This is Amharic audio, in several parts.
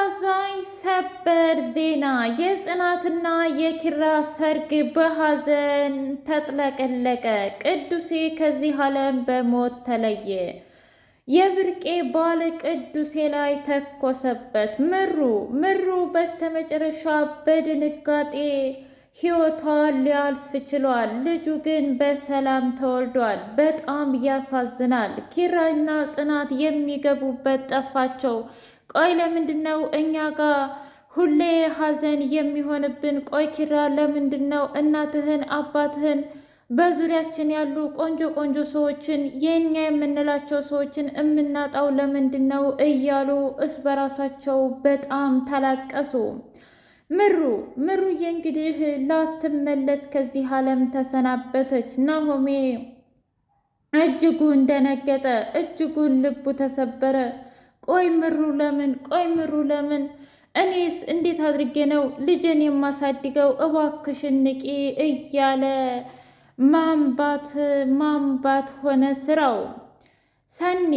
አሳዛኝ ሰበር ዜና የጽናትና የኪራ ሰርግ በሐዘን ተጥለቀለቀ። ቅዱሴ ከዚህ ዓለም በሞት ተለየ። የብርቄ ባል ቅዱሴ ላይ ተኮሰበት። ምሩ ምሩ በስተመጨረሻ በድንጋጤ ሕይወቷ ሊያልፍ ችሏል። ልጁ ግን በሰላም ተወልዷል። በጣም ያሳዝናል። ኪራና ጽናት የሚገቡበት ጠፋቸው። ቆይ ለምንድን ነው እኛ ጋር ሁሌ ሀዘን የሚሆንብን? ቆይ ኪራ ለምንድን ነው እናትህን አባትህን በዙሪያችን ያሉ ቆንጆ ቆንጆ ሰዎችን የእኛ የምንላቸው ሰዎችን የምናጣው ለምንድን ነው እያሉ እስ በራሳቸው በጣም ተላቀሱ። ምሩ ምሩዬ እንግዲህ ላትመለስ ከዚህ ዓለም ተሰናበተች። ናሆሜ እጅጉን ደነገጠ፣ እጅጉን ልቡ ተሰበረ። ቆይ ምሩ ለምን ቆይ ምሩ ለምን እኔስ እንዴት አድርጌ ነው ልጄን የማሳድገው? እባክሽን ንቂ እያለ ማንባት ማንባት ሆነ ስራው። ሰኒ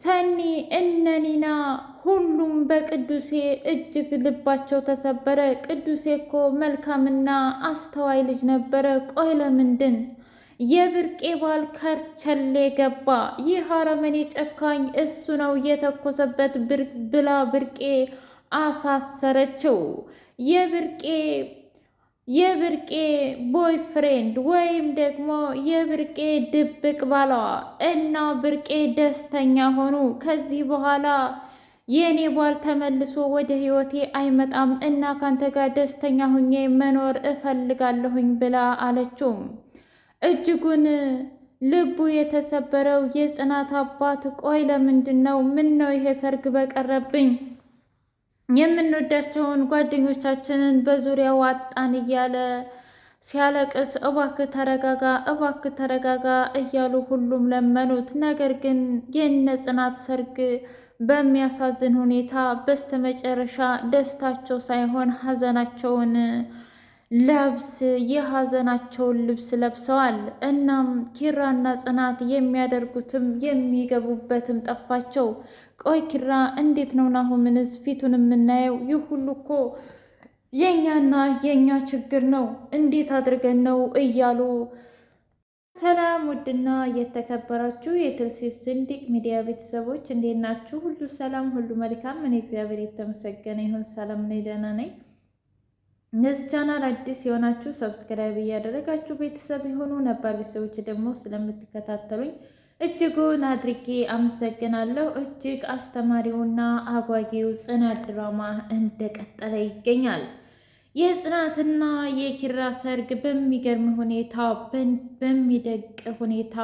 ሰኒ እነኒና ሁሉም በቅዱሴ እጅግ ልባቸው ተሰበረ። ቅዱሴ እኮ መልካምና አስተዋይ ልጅ ነበረ። ቆይ ለምንድን የብርቄ ባል ከርቸሌ ገባ። ይህ አረመኔ ጨካኝ እሱ ነው የተኮሰበት ብላ ብርቄ አሳሰረችው። የብርቄ የብርቄ ቦይፍሬንድ ወይም ደግሞ የብርቄ ድብቅ ባሏ እና ብርቄ ደስተኛ ሆኑ። ከዚህ በኋላ የእኔ ባል ተመልሶ ወደ ሕይወቴ አይመጣም እና ካንተ ጋር ደስተኛ ሁኜ መኖር እፈልጋለሁኝ ብላ አለችውም። እጅጉን ልቡ የተሰበረው የጽናት አባት ቆይ ለምንድን ነው? ምን ነው ይሄ ሰርግ በቀረብኝ የምንወዳቸውን ጓደኞቻችንን በዙሪያው አጣን እያለ ሲያለቅስ እባክህ ተረጋጋ፣ እባክህ ተረጋጋ እያሉ ሁሉም ለመኑት። ነገር ግን የነ ጽናት ሰርግ በሚያሳዝን ሁኔታ በስተመጨረሻ ደስታቸው ሳይሆን ሀዘናቸውን ለብስ የሀዘናቸውን ልብስ ለብሰዋል። እናም ኪራና ጽናት የሚያደርጉትም የሚገቡበትም ጠፋቸው። ቆይ ኪራ እንዴት ነው ናሁምንስ ፊቱን የምናየው? ይህ ሁሉ እኮ የእኛና የእኛ ችግር ነው፣ እንዴት አድርገን ነው እያሉ ሰላም ውድና የተከበራችሁ የትርሲስ ስንዲቅ ሚዲያ ቤተሰቦች እንዴት ናችሁ? ሁሉ ሰላም፣ ሁሉ መልካም። እኔ እግዚአብሔር የተመሰገነ ይሁን ሰላም ነኝ፣ ደህና ነኝ። ለዚህ ቻናል አዲስ የሆናችሁ ሰብስክራይብ እያደረጋችሁ ቤተሰብ የሆኑ ነባር ቤተሰቦች ደግሞ ስለምትከታተሉኝ እጅጉን አድርጌ አመሰግናለሁ። እጅግ አስተማሪውና አጓጊው ጽናት ድራማ እንደቀጠለ ይገኛል። የጽናትና የኪራ ሰርግ በሚገርም ሁኔታ በሚደቅ ሁኔታ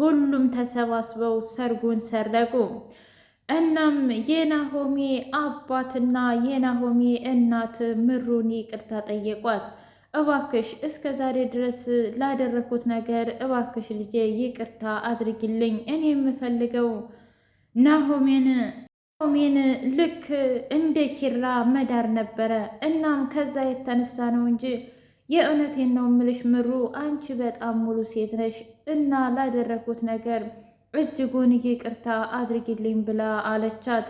ሁሉም ተሰባስበው ሰርጉን ሰረጉ። እናም የናሆሜ አባትና የናሆሜ እናት ምሩን ይቅርታ ጠየቋት። እባክሽ እስከ ዛሬ ድረስ ላደረግኩት ነገር እባክሽ ልጄ ይቅርታ አድርጊልኝ። እኔ የምፈልገው ናሆሜን ናሆሜን ልክ እንደ ኪራ መዳር ነበረ። እናም ከዛ የተነሳ ነው እንጂ የእውነቴን ነው ምልሽ ምሩ፣ አንቺ በጣም ሙሉ ሴት ነሽ እና ላደረግኩት ነገር እጅጉን ይቅርታ አድርጊልኝ ብላ አለቻት።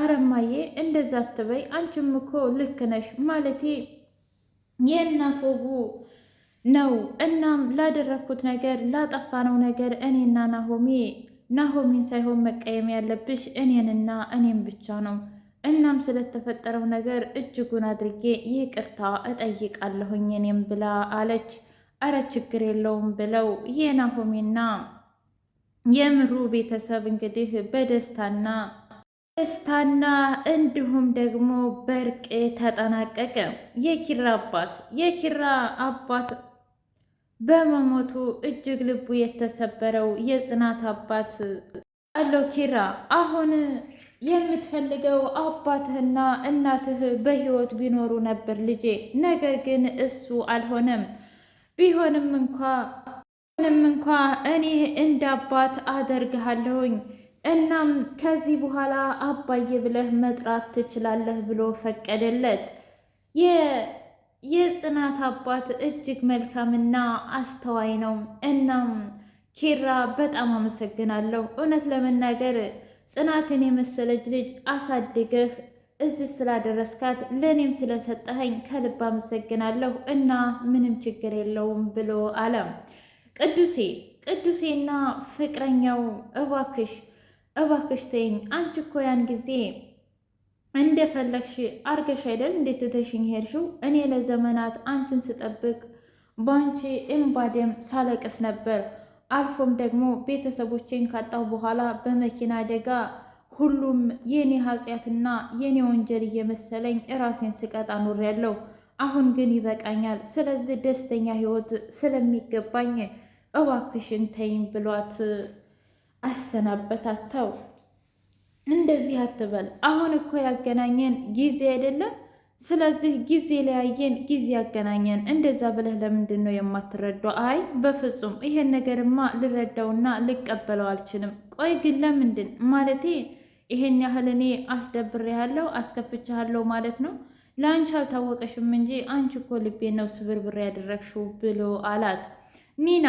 አረማዬ እንደዛ አትበይ፣ አንቺም እኮ ልክ ነሽ። ማለቴ የእናት ወጉ ነው። እናም ላደረግኩት ነገር ላጠፋነው ነገር እኔና ናሆሜ ናሆሚን ሳይሆን መቀየም ያለብሽ እኔንና እኔም ብቻ ነው። እናም ስለተፈጠረው ነገር እጅጉን አድርጌ ይቅርታ እጠይቃለሁኝ እኔም ብላ አለች። አረ ችግር የለውም ብለው ናሆሜና የምሩ ቤተሰብ እንግዲህ በደስታና ደስታና እንዲሁም ደግሞ በእርቅ ተጠናቀቀ። የኪራ አባት የኪራ አባት በመሞቱ እጅግ ልቡ የተሰበረው የጽናት አባት አለው ኪራ አሁን የምትፈልገው አባትህና እናትህ በሕይወት ቢኖሩ ነበር ልጄ። ነገር ግን እሱ አልሆነም። ቢሆንም እንኳ ምንም እንኳ እኔ አባት አደርግሃለሁኝ እናም ከዚህ በኋላ አባዬ ብለህ መጥራት ትችላለህ ብሎ ፈቀደለት። የጽናት አባት እጅግ መልካምና አስተዋይ ነው። እናም ኪራ በጣም አመሰግናለሁ። እውነት ለመናገር ጽናትን የመሰለች ልጅ አሳድገህ እዚህ ስላደረስካት ለእኔም ስለሰጠኸኝ ከልብ አመሰግናለሁ እና ምንም ችግር የለውም ብሎ አለም ቅዱሴ ቅዱሴና ፍቅረኛው እባክሽ እባክሽ ተይኝ። አንቺ እኮ ያን ጊዜ እንደፈለግሽ አርገሽ አይደል እንዴት ትተሽኝ ሄድሽው? እኔ ለዘመናት አንቺን ስጠብቅ በአንቺ እምባደም ሳለቅስ ነበር። አልፎም ደግሞ ቤተሰቦቼን ካጣሁ በኋላ በመኪና አደጋ ሁሉም የኔ ኃጢአትና የኔ ወንጀል እየመሰለኝ እራሴን ስቀጣ ኖሬያለሁ። አሁን ግን ይበቃኛል። ስለዚህ ደስተኛ ህይወት ስለሚገባኝ እባክሽን ተይኝ ብሏት አሰናበታተው እንደዚህ አትበል። አሁን እኮ ያገናኘን ጊዜ አይደለም። ስለዚህ ጊዜ ለያየን ጊዜ ያገናኘን። እንደዛ ብለህ ለምንድን ነው የማትረዳው? አይ በፍጹም ይሄን ነገርማ ልረዳውና ልቀበለው አልችልም። ቆይ ግን ለምንድን ማለቴ ይሄን ያህል እኔ አስደብሬሃለሁ፣ አስከፍቼሃለሁ ማለት ነው? ለአንቺ አልታወቀሽም እንጂ አንቺ እኮ ልቤ ነው ስብርብር ያደረግሽው ብሎ አላት ኒና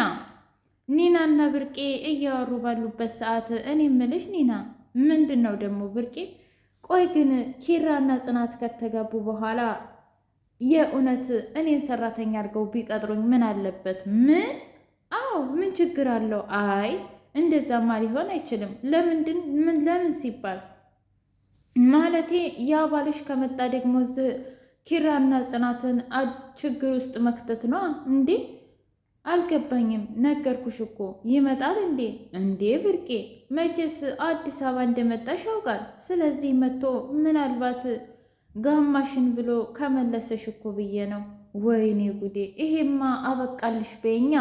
ኒና እና ብርቄ እያወሩ ባሉበት ሰዓት እኔ ምልሽ ኒና፣ ምንድን ነው ደግሞ ብርቄ? ቆይ ግን ኪራና ጽናት ከተጋቡ በኋላ የእውነት እኔን ሰራተኛ አድርገው ቢቀጥሩኝ ምን አለበት? ምን? አዎ ምን ችግር አለው? አይ እንደዛማ ሊሆን አይችልም። ለምንድን? ምን? ለምን ሲባል ማለቴ ያ ባልሽ ከመጣ ደግሞ ኪራና ጽናትን ችግር ውስጥ መክተት ነው እንዴ? አልገባኝም። ነገርኩሽ እኮ ይመጣል እንዴ? እንዴ ብርቄ፣ መቼስ አዲስ አበባ እንደመጣሽ ያውቃል። ስለዚህ መጥቶ ምናልባት ጋማሽን ብሎ ከመለሰሽ እኮ ብዬ ነው። ወይኔ ጉዴ፣ ይሄማ አበቃልሽ በኛ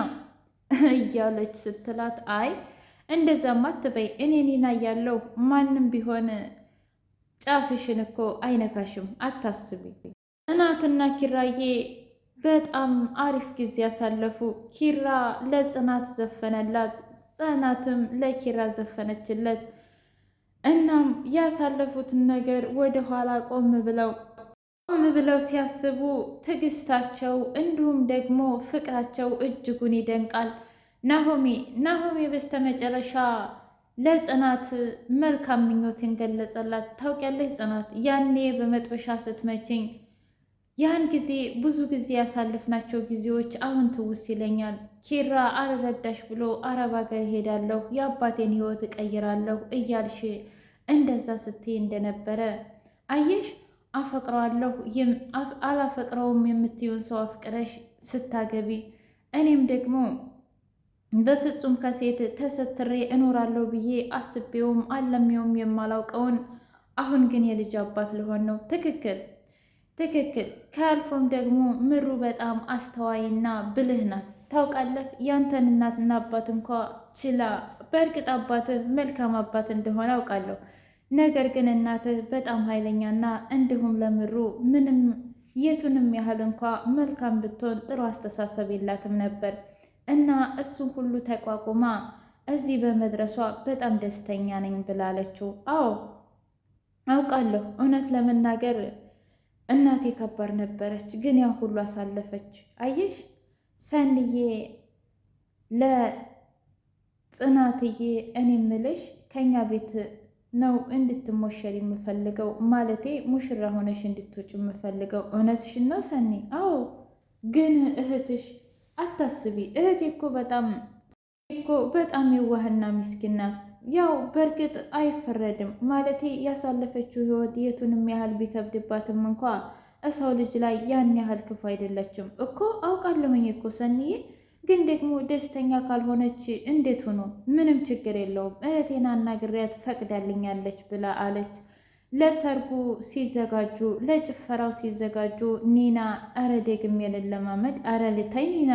እያለች ስትላት፣ አይ እንደዛማ አትበይ፣ እኔ ኒና ያለው ማንም ቢሆን ጫፍሽን እኮ አይነካሽም፣ አታስቢ። ጽናትና ኪራዬ በጣም አሪፍ ጊዜ ያሳለፉ። ኪራ ለጽናት ዘፈነላት፣ ጽናትም ለኪራ ዘፈነችለት። እናም ያሳለፉትን ነገር ወደ ኋላ ቆም ብለው ቆም ብለው ሲያስቡ ትዕግስታቸው እንዲሁም ደግሞ ፍቅራቸው እጅጉን ይደንቃል። ናሆሜ ናሆሜ በስተመጨረሻ ለጽናት መልካም ምኞትን ገለጸላት። ታውቂያለሽ ጽናት ያኔ በመጥበሻ ስትመችኝ ያን ጊዜ ብዙ ጊዜ ያሳልፍናቸው ጊዜዎች አሁን ትውስ ይለኛል። ኪራ አልረዳሽ ብሎ አረብ ሀገር እሄዳለሁ፣ የአባቴን ህይወት እቀይራለሁ እያልሽ እንደዛ ስትይ እንደነበረ አየሽ። አፈቅረዋለሁ አላፈቅረውም የምትዩን ሰው አፍቅረሽ ስታገቢ፣ እኔም ደግሞ በፍጹም ከሴት ተሰትሬ እኖራለሁ ብዬ አስቤውም አለሜውም የማላውቀውን አሁን ግን የልጅ አባት ልሆን ነው። ትክክል ትክክል። ከአልፎም ደግሞ ምሩ በጣም አስተዋይና ብልህ ናት። ታውቃለህ፣ ያንተን እናትና አባት እንኳ ችላ። በእርግጥ አባትህ መልካም አባት እንደሆነ አውቃለሁ። ነገር ግን እናትህ በጣም ኃይለኛና እንዲሁም ለምሩ ምንም የቱንም ያህል እንኳ መልካም ብትሆን ጥሩ አስተሳሰብ የላትም ነበር እና እሱን ሁሉ ተቋቁማ እዚህ በመድረሷ በጣም ደስተኛ ነኝ ብላለችው። አዎ አውቃለሁ እውነት ለመናገር እናቴ ከባድ ነበረች፣ ግን ያ ሁሉ አሳለፈች። አየሽ ሰንዬ፣ ለጽናትዬ እኔ ምልሽ ከኛ ቤት ነው እንድትሞሸር የምፈልገው፣ ማለቴ ሙሽራ ሆነሽ እንድትወጭ የምፈልገው። እውነትሽ ነው ሰኒ? አዎ። ግን እህትሽ አታስቢ፣ እህቴ እኮ በጣም እኮ በጣም የዋህና ሚስኪን ናት። ያው በእርግጥ አይፈረድም ማለቴ ያሳለፈችው ህይወት የቱንም ያህል ቢከብድባትም እንኳ እሰው ልጅ ላይ ያን ያህል ክፉ አይደለችም እኮ አውቃለሁኝ እኮ ሰንዬ። ግን ደግሞ ደስተኛ ካልሆነች እንዴት ሆኖ ምንም ችግር የለውም እህቴን አናግሬያት ፈቅዳልኛለች ብላ አለች። ለሰርጉ ሲዘጋጁ ለጭፈራው ሲዘጋጁ ኒና አረ ደግሜ ልለማመድ አረ ልታይ ኒና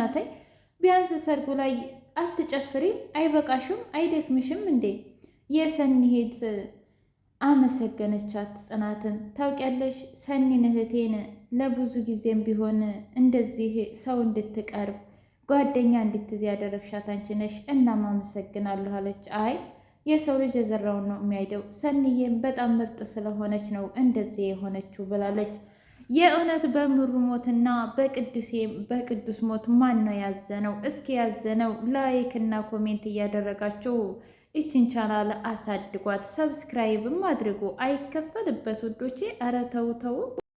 ቢያንስ ሰርጉ ላይ አትጨፍሪም? አይበቃሽም? አይደክምሽም እንዴ? የሰኒሄት አመሰገነቻት ጽናትን። ታውቂያለሽ ሰኒን እህቴን ለብዙ ጊዜም ቢሆን እንደዚህ ሰው እንድትቀርብ ጓደኛ እንድትዚ ያደረግሻት አንቺ ነሽ፣ እናም አመሰግናለሁ አለች። አይ የሰው ልጅ የዘራውን ነው የሚያይደው። ሰኒዬም በጣም ምርጥ ስለሆነች ነው እንደዚህ የሆነችው ብላለች። የእውነት በምሩ ሞትና በቅዱሴ በቅዱስ ሞት ማን ነው ያዘነው? እስኪ ያዘነው ላይክና ኮሜንት እያደረጋችሁ ይችን ቻናል አሳድጓት፣ ሰብስክራይብም አድርጉ። አይከፈልበት ውዶቼ። ኧረ ተው ተው።